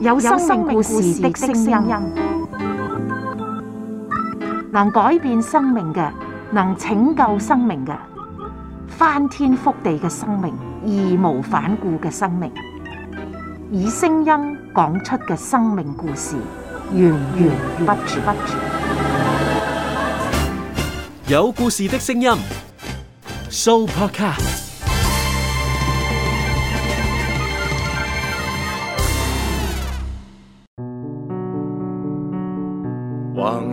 有生命故事的聲音，能改變生命嘅，能拯救生命嘅，翻天覆地嘅生命，義無反顧嘅生命，以聲音講出嘅生命故事，源源不絕。有故事的聲音，Soupercast。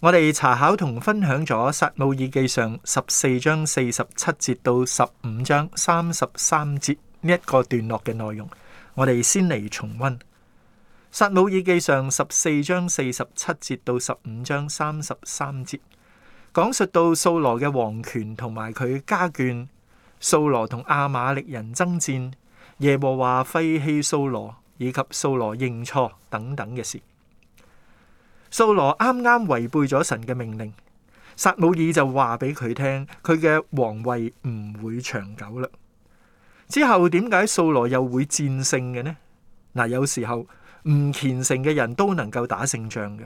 我哋查考同分享咗《撒母耳記上》十四章四十七節到十五章三十三節呢一個段落嘅內容，我哋先嚟重溫《撒母耳記上》十四章四十七節到十五章三十三節，講述到掃羅嘅王權同埋佢家眷，掃羅同亞瑪力人爭戰，耶和華廢棄掃羅以及掃羅認錯等等嘅事。素羅啱啱違背咗神嘅命令，撒母耳就話俾佢聽，佢嘅皇位唔會長久啦。之後點解素羅又會戰勝嘅呢？嗱、啊，有時候唔虔誠嘅人都能夠打勝仗嘅。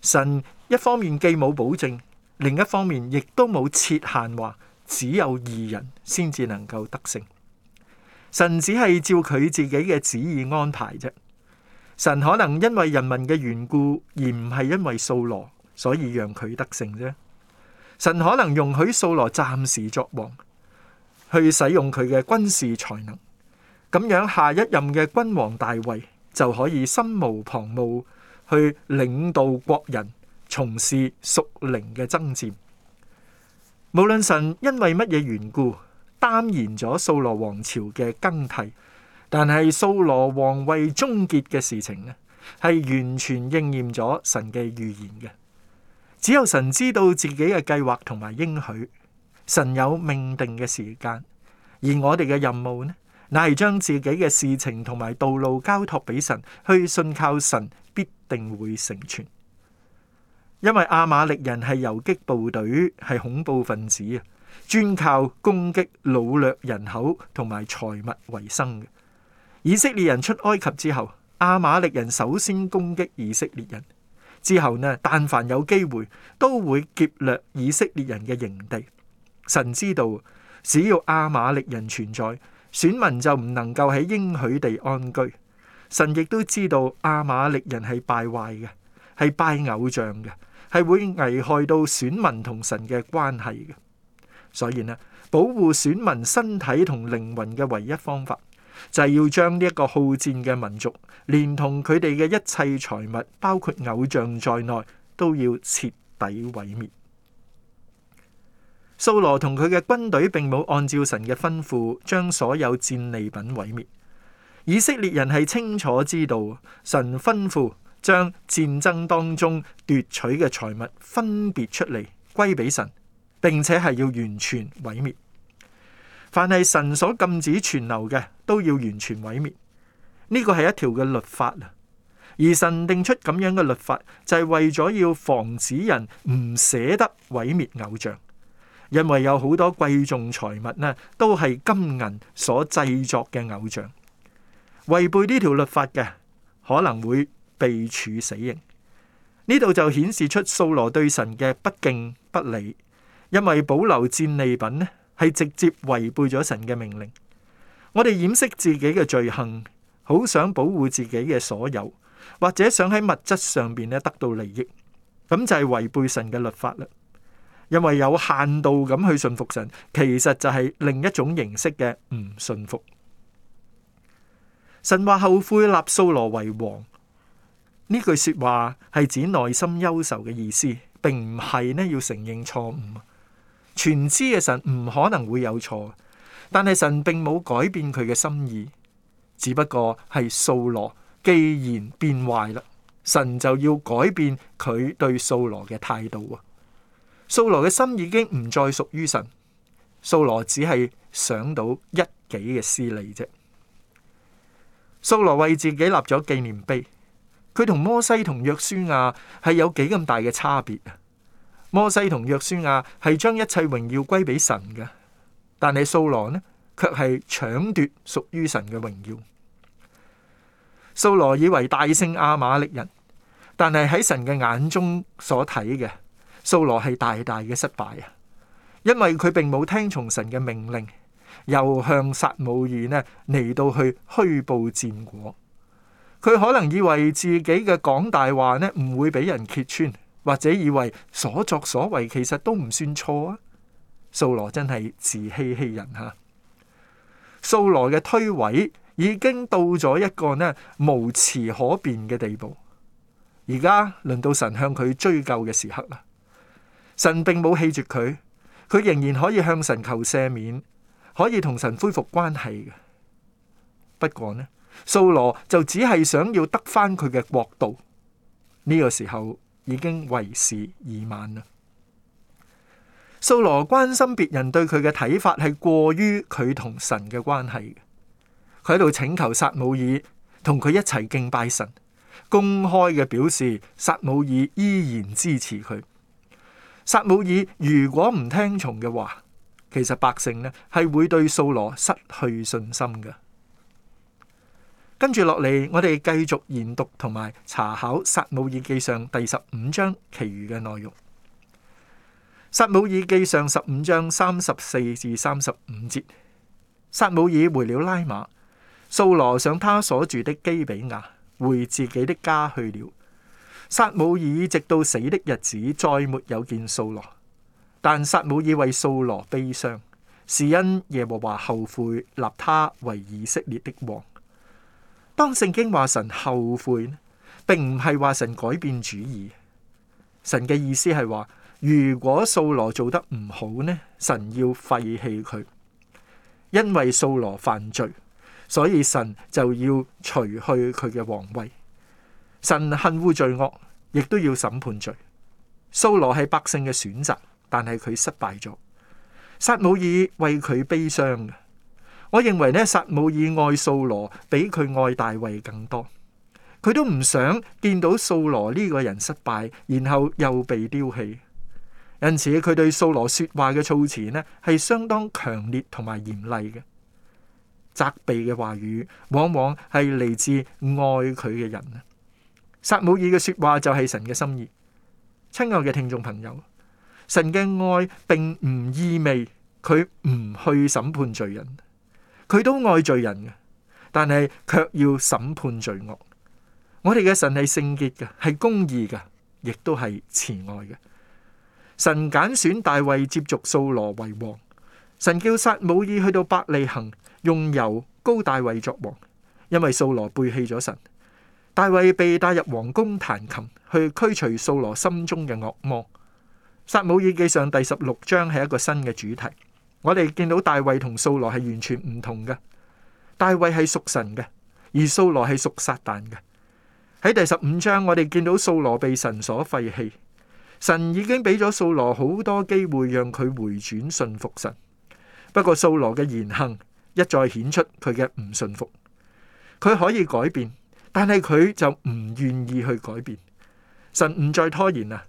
神一方面既冇保證，另一方面亦都冇設限話，話只有二人先至能夠得勝。神只係照佢自己嘅旨意安排啫。神可能因為人民嘅緣故，而唔係因為掃羅，所以讓佢得勝啫。神可能容許掃羅暫時作王，去使用佢嘅軍事才能，咁樣下一任嘅君王大衛就可以心無旁騖去領導國人從事屬靈嘅爭戰。無論神因為乜嘢緣故，耽延咗掃羅王朝嘅更替。但係掃羅王位終結嘅事情呢，係完全應驗咗神嘅預言嘅。只有神知道自己嘅計劃同埋應許，神有命定嘅時間，而我哋嘅任務呢，乃係將自己嘅事情同埋道路交託俾神，去信靠神必定會成全。因為阿瑪力人係游擊部隊，係恐怖分子啊，專靠攻擊擄掠人口同埋財物為生嘅。以色列人出埃及之後，阿瑪力人首先攻擊以色列人，之後呢，但凡有機會都會劫掠以色列人嘅營地。神知道，只要阿瑪力人存在，選民就唔能夠喺應許地安居。神亦都知道阿瑪力人係敗壞嘅，係拜偶像嘅，係會危害到選民同神嘅關係嘅。所以呢，保護選民身體同靈魂嘅唯一方法。就係要將呢一個好戰嘅民族，連同佢哋嘅一切財物，包括偶像在內，都要徹底毀滅。掃羅同佢嘅軍隊並冇按照神嘅吩咐，將所有戰利品毀滅。以色列人係清楚知道，神吩咐將戰爭當中奪取嘅財物分別出嚟，歸俾神，並且係要完全毀滅。凡係神所禁止存留嘅，都要完全毀滅。呢個係一條嘅律法啊！而神定出咁樣嘅律法，就係、是、為咗要防止人唔捨得毀滅偶像，因為有好多貴重財物呢，都係金銀所製作嘅偶像。違背呢條律法嘅，可能會被處死刑。呢度就顯示出掃羅對神嘅不敬不理，因為保留戰利品呢。係直接違背咗神嘅命令，我哋掩飾自己嘅罪行，好想保護自己嘅所有，或者想喺物質上邊咧得到利益，咁就係違背神嘅律法啦。因為有限度咁去信服神，其實就係另一種形式嘅唔信服。神話後悔立掃羅為王呢句說話係指內心憂愁嘅意思，並唔係呢要承認錯誤。全知嘅神唔可能會有錯，但係神並冇改變佢嘅心意，只不過係掃羅既然變壞啦，神就要改變佢對掃羅嘅態度啊！掃羅嘅心已經唔再屬於神，掃羅只係想到一己嘅私利啫。掃羅為自己立咗紀念碑，佢同摩西同約書亞係有幾咁大嘅差別。摩西同約書亞係將一切榮耀歸俾神嘅，但係掃羅呢，卻係搶奪屬於神嘅榮耀。掃羅以為大勝亞瑪力人，但係喺神嘅眼中所睇嘅，掃羅係大大嘅失敗啊！因為佢並冇聽從神嘅命令，又向撒母耳呢嚟到去虛報戰果。佢可能以為自己嘅講大話呢，唔會俾人揭穿。或者以為所作所為其實都唔算錯啊！掃羅真係自欺欺人吓、啊！掃羅嘅推諉已經到咗一個呢無詞可辯嘅地步。而家輪到神向佢追究嘅時刻啦。神並冇棄絕佢，佢仍然可以向神求赦免，可以同神恢復關係嘅。不過呢，掃羅就只係想要得翻佢嘅國度呢個時候已經為時已晚啦。掃羅關心別人對佢嘅睇法係過於佢同神嘅關係嘅。佢喺度請求撒母耳同佢一齊敬拜神，公開嘅表示撒母耳依然支持佢。撒母耳如果唔聽從嘅話，其實百姓呢係會對掃羅失去信心嘅。跟住落嚟，我哋繼續研讀同埋查考《撒母耳記上》第十五章其餘嘅內容。《撒母耳記上》十五章三十四至三十五節：撒母耳回了拉馬，掃羅上他所住的基比亞，回自己的家去了。撒母耳直到死的日子，再沒有見掃羅。但撒母耳為掃羅悲傷，是因耶和華後悔立他為以色列的王。當聖經話神後悔呢，並唔係話神改變主意，神嘅意思係話如果掃羅做得唔好呢，神要廢棄佢，因為掃羅犯罪，所以神就要除去佢嘅皇位。神恨惡罪惡，亦都要審判罪。掃羅係百姓嘅選擇，但係佢失敗咗。撒母耳為佢悲傷。我認為咧，撒母爾愛掃羅比佢愛大衛更多。佢都唔想見到掃羅呢個人失敗，然後又被丟棄。因此，佢對掃羅說話嘅措辭咧係相當強烈同埋嚴厲嘅。責備嘅話語往往係嚟自愛佢嘅人。撒母爾嘅說話就係神嘅心意。親愛嘅聽眾朋友，神嘅愛並唔意味佢唔去審判罪人。佢都愛罪人嘅，但係卻要審判罪惡。我哋嘅神係聖潔嘅，係公義嘅，亦都係慈愛嘅。神揀選大衛接續掃羅為王，神叫撒母耳去到伯利恆，用油膏大衛作王，因為掃羅背棄咗神。大衛被帶入皇宮彈琴，去驅除掃羅心中嘅惡魔。撒母耳記上第十六章係一個新嘅主題。我哋見到大衛同掃羅係完全唔同㗎，大衛係屬神嘅，而掃羅係屬撒旦嘅。喺第十五章，我哋見到掃羅被神所廢棄，神已經俾咗掃羅好多機會讓佢回轉信服神。不過掃羅嘅言行一再顯出佢嘅唔信服，佢可以改變，但係佢就唔願意去改變。神唔再拖延啦，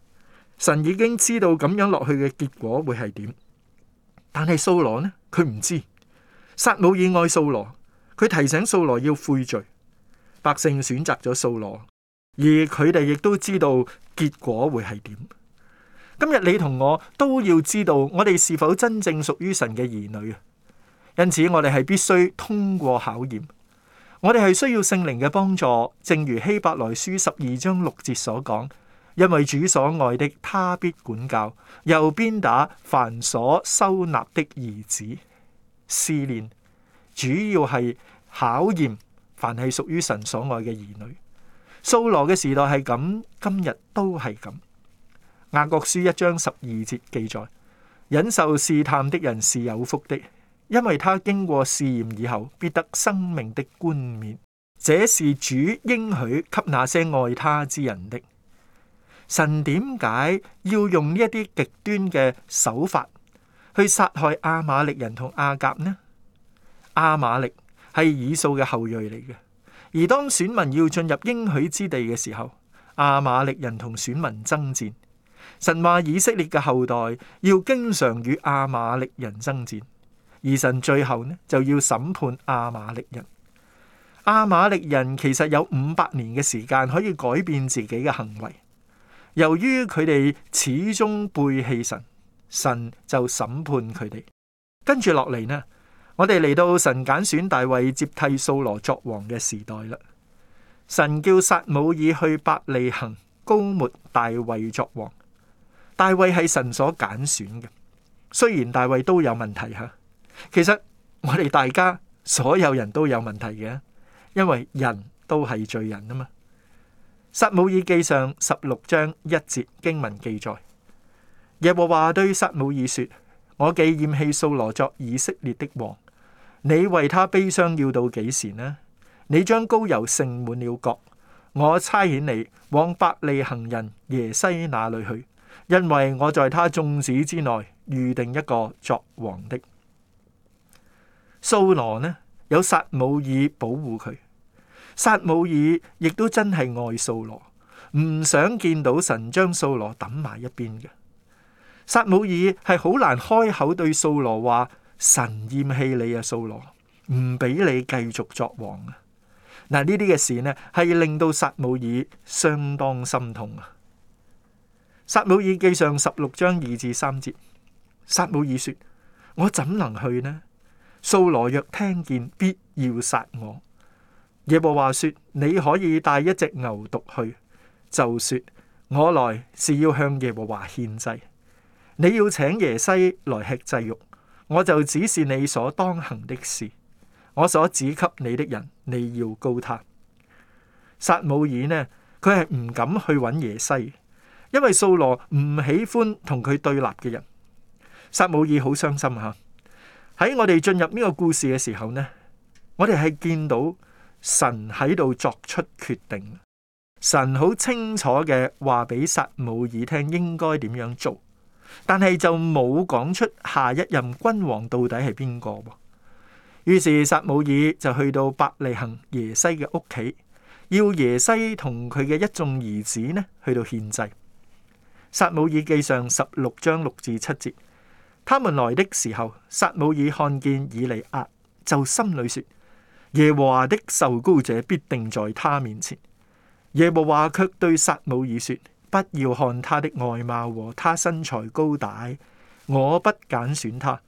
神已經知道咁樣落去嘅結果會係點。但係掃羅呢？佢唔知。撒母耳愛掃羅，佢提醒掃羅要悔罪。百姓選擇咗掃羅，而佢哋亦都知道結果會係點。今日你同我都要知道，我哋是否真正屬於神嘅兒女？因此，我哋係必須通過考驗。我哋係需要聖靈嘅幫助，正如希伯來書十二章六節所講。因為主所愛的，他必管教，又鞭打凡所收納的兒子。試煉主要係考驗，凡係屬於神所愛嘅兒女。掃羅嘅時代係咁，今日都係咁。雅各書一章十二節記載：忍受試探的人是有福的，因為他經過試驗以後，必得生命的冠冕。這是主應許給那些愛他之人的。神點解要用呢一啲極端嘅手法去殺害亞瑪力人同亞甲呢？亞瑪力係以掃嘅後裔嚟嘅，而當選民要進入應許之地嘅時候，亞瑪力人同選民爭戰。神話以色列嘅後代要經常與亞瑪力人爭戰，而神最後呢就要審判亞瑪力人。亞瑪力人其實有五百年嘅時間可以改變自己嘅行為。由於佢哋始終背棄神，神就審判佢哋。跟住落嚟呢，我哋嚟到神揀選大衛接替掃羅作王嘅時代啦。神叫撒母耳去伯利恒，膏抹大衛作王。大衛係神所揀選嘅，雖然大衛都有問題吓，其實我哋大家所有人都有問題嘅，因為人都係罪人啊嘛。撒母耳記上十六章一節經文記載：耶和華對撒母耳說：我既厭棄蘇羅作以色列的王，你為他悲傷要到幾時呢？你將膏油盛滿了角，我差遣你往伯利恒人耶西那裏去，因為我在他眾子之內預定一個作王的。蘇羅呢，有撒母耳保護佢。撒母耳亦都真係愛掃羅，唔想見到神將掃羅抌埋一邊嘅。撒母耳係好難開口對掃羅話神厭棄你啊，掃羅唔俾你繼續作王啊。嗱呢啲嘅事呢，係令到撒母耳相當心痛啊。撒母耳記上十六章二至三節，撒母耳說：我怎能去呢？掃羅若聽見，必要殺我。耶和華說：你可以帶一隻牛犢去，就說：我來是要向耶和華獻祭。你要請耶西來吃祭肉，我就指示你所當行的事。我所指給你的人，你要膏他。撒母耳呢？佢係唔敢去揾耶西，因為掃羅唔喜歡同佢對立嘅人。撒母耳好傷心吓。喺我哋進入呢個故事嘅時候呢，我哋係見到。神喺度作出決定，神好清楚嘅話俾撒母耳聽應該點樣做，但係就冇講出下一任君王到底係邊個。於是撒母耳就去到伯利恆耶西嘅屋企，要耶西同佢嘅一眾兒子呢去到獻祭。撒母耳記上十六章六至七節，他們來的時候，撒母耳看見以利押，就心裏說。耶和華的受膏者必定在他面前。耶和華卻對撒母耳說：不要看他的外貌和他身材高大，我不揀選他，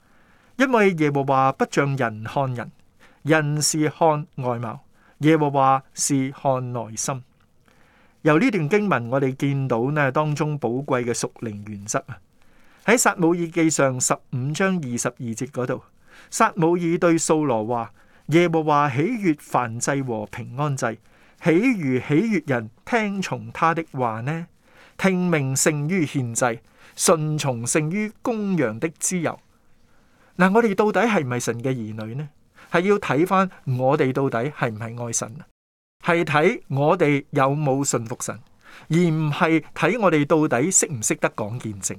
因為耶和華不像人看人，人，人是看外貌，耶和華是看內心。由呢段經文，我哋見到呢當中寶貴嘅屬靈原則啊。喺撒母耳記上十五章二十二節嗰度，撒母耳對掃羅話。耶和華喜悅凡制和平安制，豈如喜悅人聽從他的話呢？聽命勝於獻祭，順從勝於公羊的脂油。嗱，我哋到底係咪神嘅兒女呢？係要睇返，我哋到底係唔係愛神，啊，係睇我哋有冇信服神，而唔係睇我哋到底識唔識得講見證。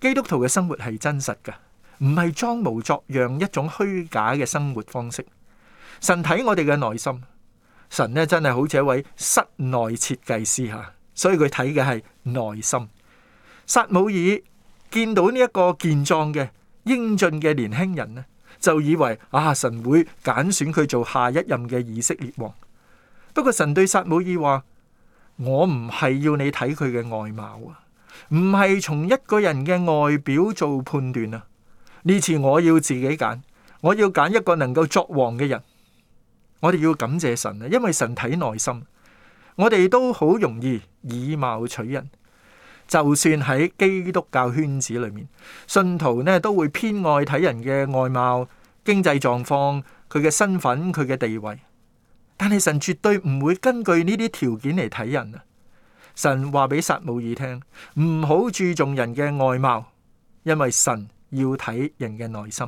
基督徒嘅生活係真實㗎。唔係裝模作樣一種虛假嘅生活方式。神睇我哋嘅內心，神咧真係好似一位室內設計師吓，所以佢睇嘅係內心。撒母耳見到呢一個健壯嘅英俊嘅年輕人呢，就以為啊，神會揀選佢做下一任嘅以色列王。不過神對撒母耳話，我唔係要你睇佢嘅外貌啊，唔係從一個人嘅外表做判斷啊。呢次我要自己揀，我要揀一個能夠作王嘅人。我哋要感謝神啊，因為神睇內心。我哋都好容易以貌取人，就算喺基督教圈子裏面，信徒呢都會偏愛睇人嘅外貌、經濟狀況、佢嘅身份、佢嘅地位。但係神絕對唔會根據呢啲條件嚟睇人啊！神話俾撒母耳聽，唔好注重人嘅外貌，因為神。要睇人嘅內心，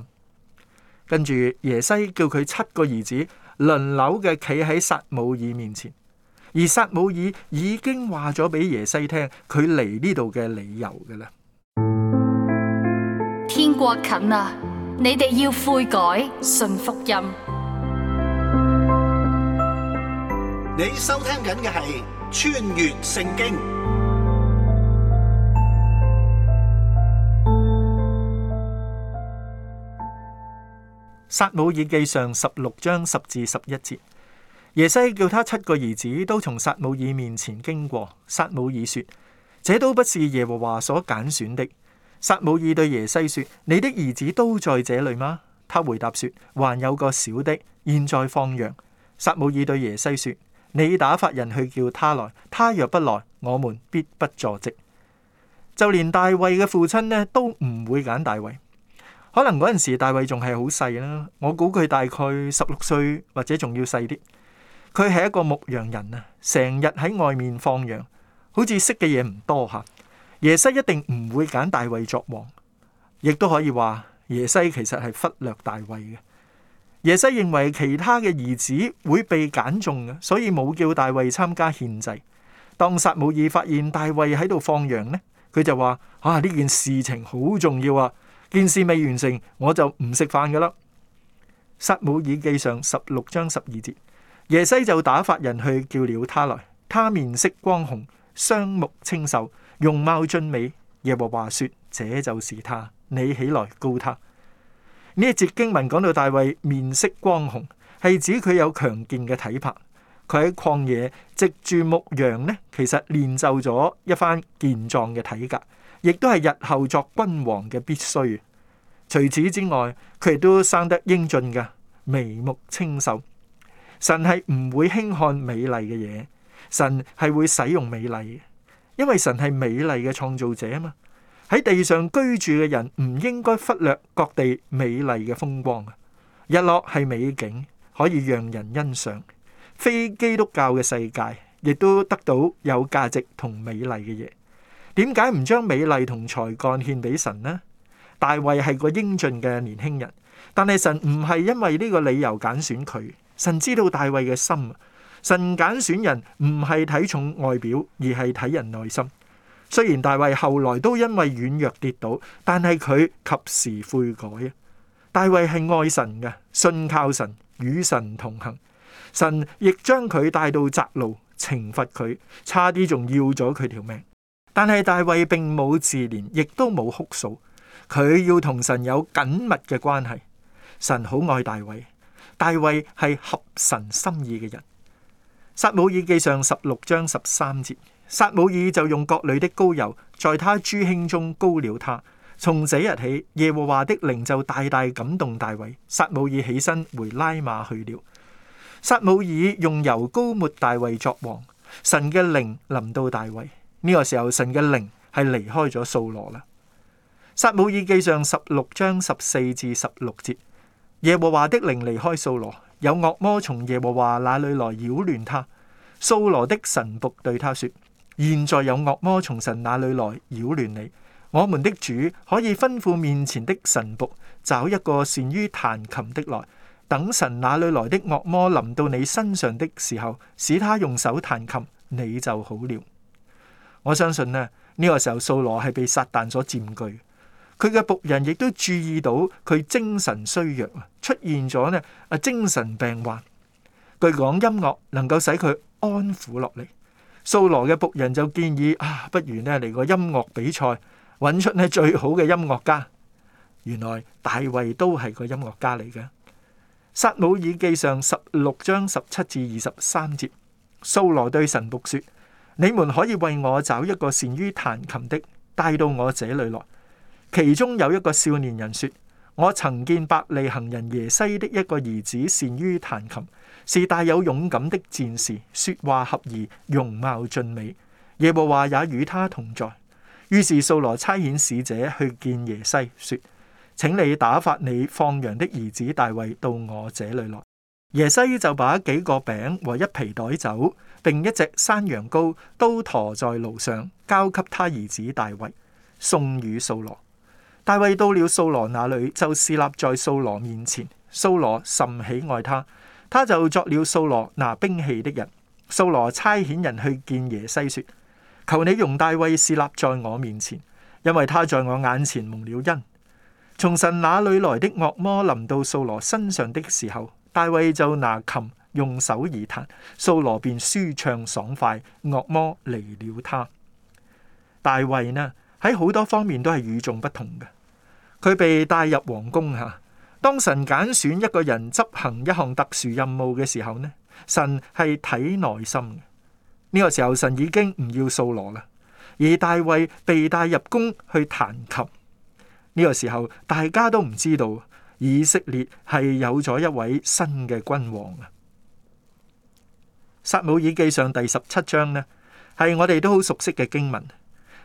跟住耶西叫佢七個兒子輪流嘅企喺撒母耳面前，而撒母耳已經話咗俾耶西聽佢嚟呢度嘅理由嘅喇。天國近啦，你哋要悔改，信福音。你收聽緊嘅係《穿越聖經》。撒母耳記上十六章十至十一節，耶西叫他七個兒子都從撒母耳面前經過。撒母耳說：這都不是耶和華所揀選的。撒母耳對耶西說：你的兒子都在這裏嗎？他回答說：還有個小的，現在放羊。撒母耳對耶西說：你打發人去叫他來，他若不來，我們必不坐席。就連大衛嘅父親呢，都唔會揀大衛。可能嗰陣時大衛仲係好細啦，我估佢大概十六歲或者仲要細啲。佢係一個牧羊人啊，成日喺外面放羊，好似識嘅嘢唔多吓。耶西一定唔會揀大衛作王，亦都可以話耶西其實係忽略大衛嘅。耶西認為其他嘅兒子會被揀中嘅，所以冇叫大衛參加獻祭。當撒母耳發現大衛喺度放羊呢，佢就話：啊呢件事情好重要啊！件事未完成，我就唔食飯噶啦。撒母耳記上十六章十二節，耶西就打發人去叫了他來，他面色光紅，雙目清秀，容貌俊美。耶和華說：這就是他，你起來告他。呢節經文講到大衛面色光紅，係指佢有強健嘅體魄。佢喺曠野直住牧羊呢，其實練就咗一番健壯嘅體格。亦都係日後作君王嘅必須。除此之外，佢亦都生得英俊嘅，眉目清秀。神係唔會輕看美麗嘅嘢，神係會使用美麗嘅，因為神係美麗嘅創造者啊嘛。喺地上居住嘅人唔應該忽略各地美麗嘅風光啊！日落係美景，可以讓人欣賞。非基督教嘅世界亦都得到有價值同美麗嘅嘢。點解唔將美麗同才幹獻俾神呢？大衛係個英俊嘅年輕人，但係神唔係因為呢個理由揀選佢。神知道大衛嘅心，神揀選人唔係睇重外表，而係睇人內心。雖然大衛後來都因為軟弱跌倒，但係佢及時悔改。大衛係愛神嘅，信靠神，與神同行。神亦將佢帶到窄路，懲罰佢，差啲仲要咗佢條命。但係大衛並冇自憐，亦都冇哭訴。佢要同神有緊密嘅關係。神好愛大衛，大衛係合神心意嘅人。撒母耳記上十六章十三節，撒母耳就用國裏的膏油在他諸兄中膏了他。從這日起，耶和華的靈就大大感動大衛。撒母耳起身回拉馬去了。撒母耳用油膏抹大衛作王。神嘅靈臨到大衛。呢個時候，神嘅靈係離開咗掃羅啦。撒母耳記上十六章十四至十六節，耶和華的靈離開掃羅，有惡魔從耶和華那裏來擾亂他。掃羅的神僕對他說：現在有惡魔從神那裏來擾亂你。我們的主可以吩咐面前的神僕找一個善於彈琴的來，等神那裏來的惡魔臨到你身上的時候，使他用手彈琴，你就好了。我相信呢，呢、這個時候掃羅係被撒旦所佔據，佢嘅僕人亦都注意到佢精神衰弱，出現咗咧啊精神病患。據講音樂能夠使佢安撫落嚟，掃羅嘅僕人就建議啊，不如呢嚟個音樂比賽，揾出咧最好嘅音樂家。原來大衛都係個音樂家嚟嘅。撒母耳記上十六章十七至二十三節，掃羅對神僕說。你們可以為我找一個善於彈琴的，帶到我這裏來。其中有一個少年人說：我曾見伯利恒人耶西的一個兒子善於彈琴，是大有勇敢的戰士，說話合宜，容貌俊美。耶和華也與他同在。於是素羅差遣使者去見耶西，說：請你打發你放羊的兒子大衛到我這裏來。耶西就把幾個餅和一皮袋酒。並一隻山羊羔都馱在路上，交給他兒子大衛送與掃羅。大衛到了掃羅那裡，就侍立在掃羅面前。掃羅甚喜愛他，他就作了掃羅拿兵器的人。掃羅差遣人去見耶西說：求你容大衛侍立在我面前，因為他在我眼前蒙了恩。從神那裡來的惡魔臨到掃羅身上的時候，大衛就拿琴。用手而彈，掃羅便舒暢爽快，惡魔離了他。大衛呢喺好多方面都係與眾不同嘅。佢被帶入皇宮吓，啊，當神揀選一個人執行一項特殊任務嘅時候呢，神係睇內心呢個時候，神，、這個、候神已經唔要掃羅啦，而大衛被帶入宮去彈琴。呢、這個時候，大家都唔知道以色列係有咗一位新嘅君王啊。撒母耳記上第十七章呢，係我哋都好熟悉嘅經文，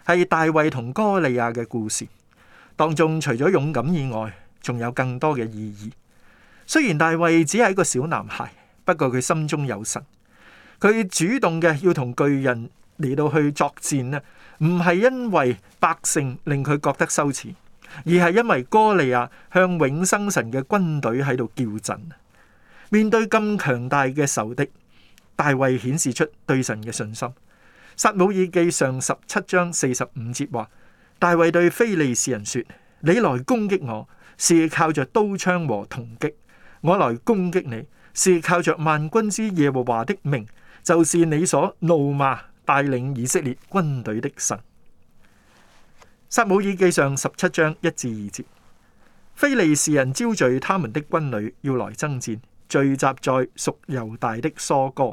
係大衛同哥利亞嘅故事。當中除咗勇敢以外，仲有更多嘅意義。雖然大衛只係一個小男孩，不過佢心中有神，佢主動嘅要同巨人嚟到去作戰咧，唔係因為百姓令佢覺得羞恥，而係因為哥利亞向永生神嘅軍隊喺度叫陣，面對咁強大嘅仇敵。大衛顯示出對神嘅信心。撒母耳記上十七章四十五節話：大衛對非利士人說：你來攻擊我，是靠着刀槍和銅戟；我來攻擊你，是靠着萬軍之耶和華的名，就是你所怒罵帶領以色列軍隊的神。撒母耳記上十七章一至二節：非利士人招聚他們的軍旅，要來爭戰。聚集在屬猶大的梭哥，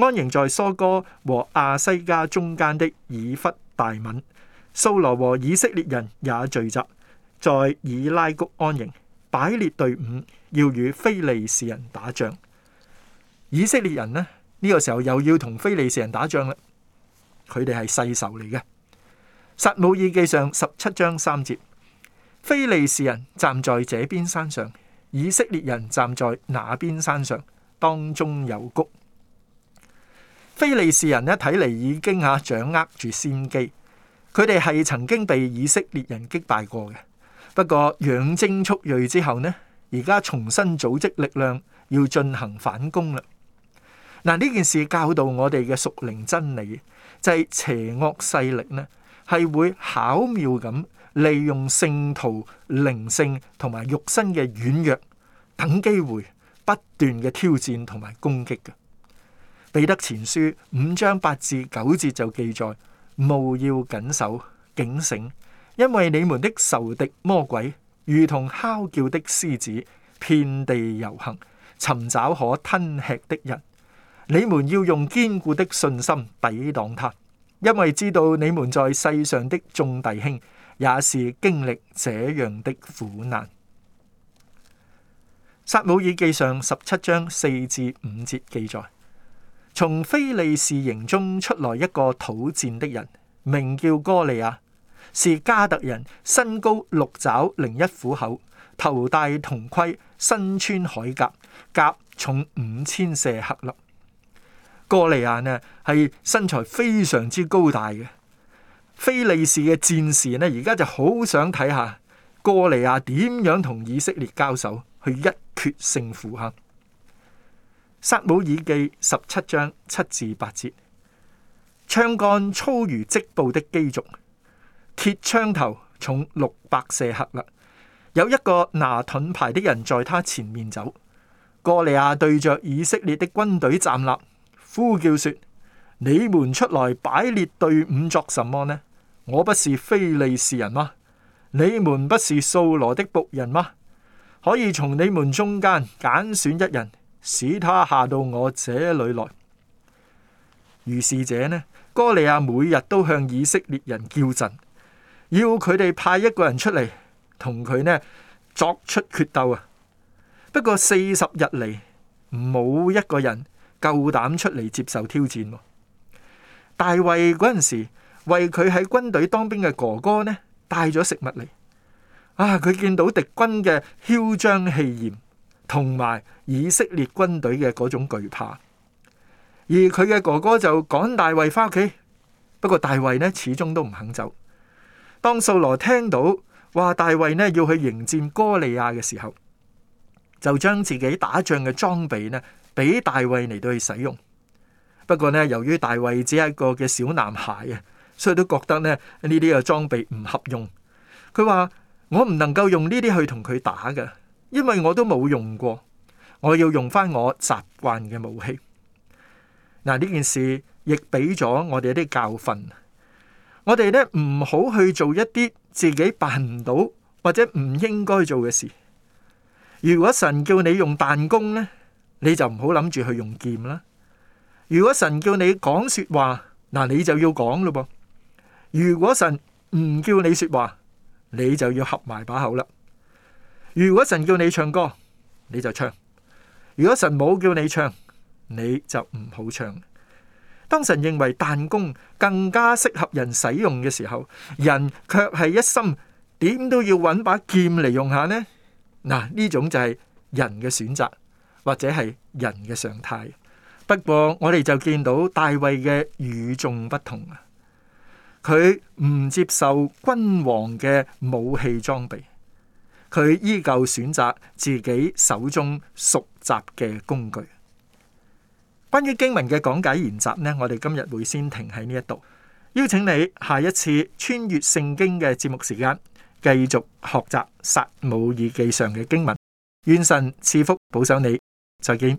安營在梭哥和亞西加中間的以弗大敏。掃羅和以色列人也聚集在以拉谷安營，擺列隊伍，要與非利士人打仗。以色列人呢呢，呢個時候又要同非利士人打仗啦。佢哋係世仇嚟嘅。撒母耳記上十七章三節：非利士人站在這邊山上。以色列人站在那邊山上，當中有谷。非利士人一睇嚟已經吓、啊、掌握住先機，佢哋係曾經被以色列人擊敗過嘅。不過養精蓄銳之後呢，而家重新組織力量要進行反攻啦。嗱，呢件事教導我哋嘅屬靈真理，就係、是、邪惡勢力呢係會巧妙咁。利用聖徒靈性同埋肉身嘅軟弱等機會，不斷嘅挑戰同埋攻擊嘅。彼得前書五章八至九節就記載：務要謹守警醒，因為你們的仇敵魔鬼如同敲叫的獅子，遍地遊行，尋找可吞吃的人。你們要用堅固的信心抵擋他，因為知道你們在世上的眾弟兄也是經歷這樣的苦難。撒母耳記上十七章四至五節記載：從非利士營中出來一個討戰的人，名叫哥利亞，是迦特人，身高六肘，零一虎口，頭戴銅盔，身穿鎧甲，甲重五千舍客勒。」哥利亞呢係身材非常之高大嘅。非利士嘅戰士呢，而家就好想睇下哥利亞點樣同以色列交手，去一決勝負吓。撒母耳記十七章七至八節，槍桿粗如織布的機軸，鐵槍頭重六百舍克勒，有一個拿盾牌的人在他前面走，哥利亞對着以色列的軍隊站立，呼叫說：你們出來擺列隊伍作什麼呢？我不是非利士人嗎？你們不是掃羅的僕人嗎？可以從你們中間揀選一人，使他下到我這裏來。如是者呢，哥利亞每日都向以色列人叫陣，要佢哋派一個人出嚟同佢呢作出決鬥啊！不過四十日嚟，冇一個人夠膽出嚟接受挑戰。大衛嗰陣時。為佢喺軍隊當兵嘅哥哥呢帶咗食物嚟，啊！佢見到敵軍嘅囂張氣焰，同埋以色列軍隊嘅嗰種懼怕，而佢嘅哥哥就趕大衛翻屋企，不過大衛呢始終都唔肯走。當掃羅聽到話大衛呢要去迎戰哥利亞嘅時候，就將自己打仗嘅裝備呢俾大衛嚟到去使用。不過呢，由於大衛只係一個嘅小男孩啊。所以都覺得咧呢啲嘅裝備唔合用。佢話我唔能夠用呢啲去同佢打嘅，因為我都冇用過。我要用返我習慣嘅武器。嗱，呢件事亦俾咗我哋一啲教訓。我哋咧唔好去做一啲自己辦唔到或者唔應該做嘅事。如果神叫你用彈弓呢，你就唔好諗住去用劍啦。如果神叫你講說話，嗱，你就要講咯噃。如果神唔叫你說話，你就要合埋把口啦。如果神叫你唱歌，你就唱；如果神冇叫你唱，你就唔好唱。當神認為彈弓更加適合人使用嘅時候，人卻係一心點都要揾把劍嚟用下呢？嗱，呢種就係人嘅選擇，或者係人嘅常態。不過我哋就見到大衛嘅與眾不同啊！佢唔接受君王嘅武器裝備，佢依舊選擇自己手中熟習嘅工具。關於經文嘅講解研習呢，我哋今日會先停喺呢一度。邀請你下一次穿越聖經嘅節目時間，繼續學習撒母耳記上嘅經文。願神賜福保守你，再見。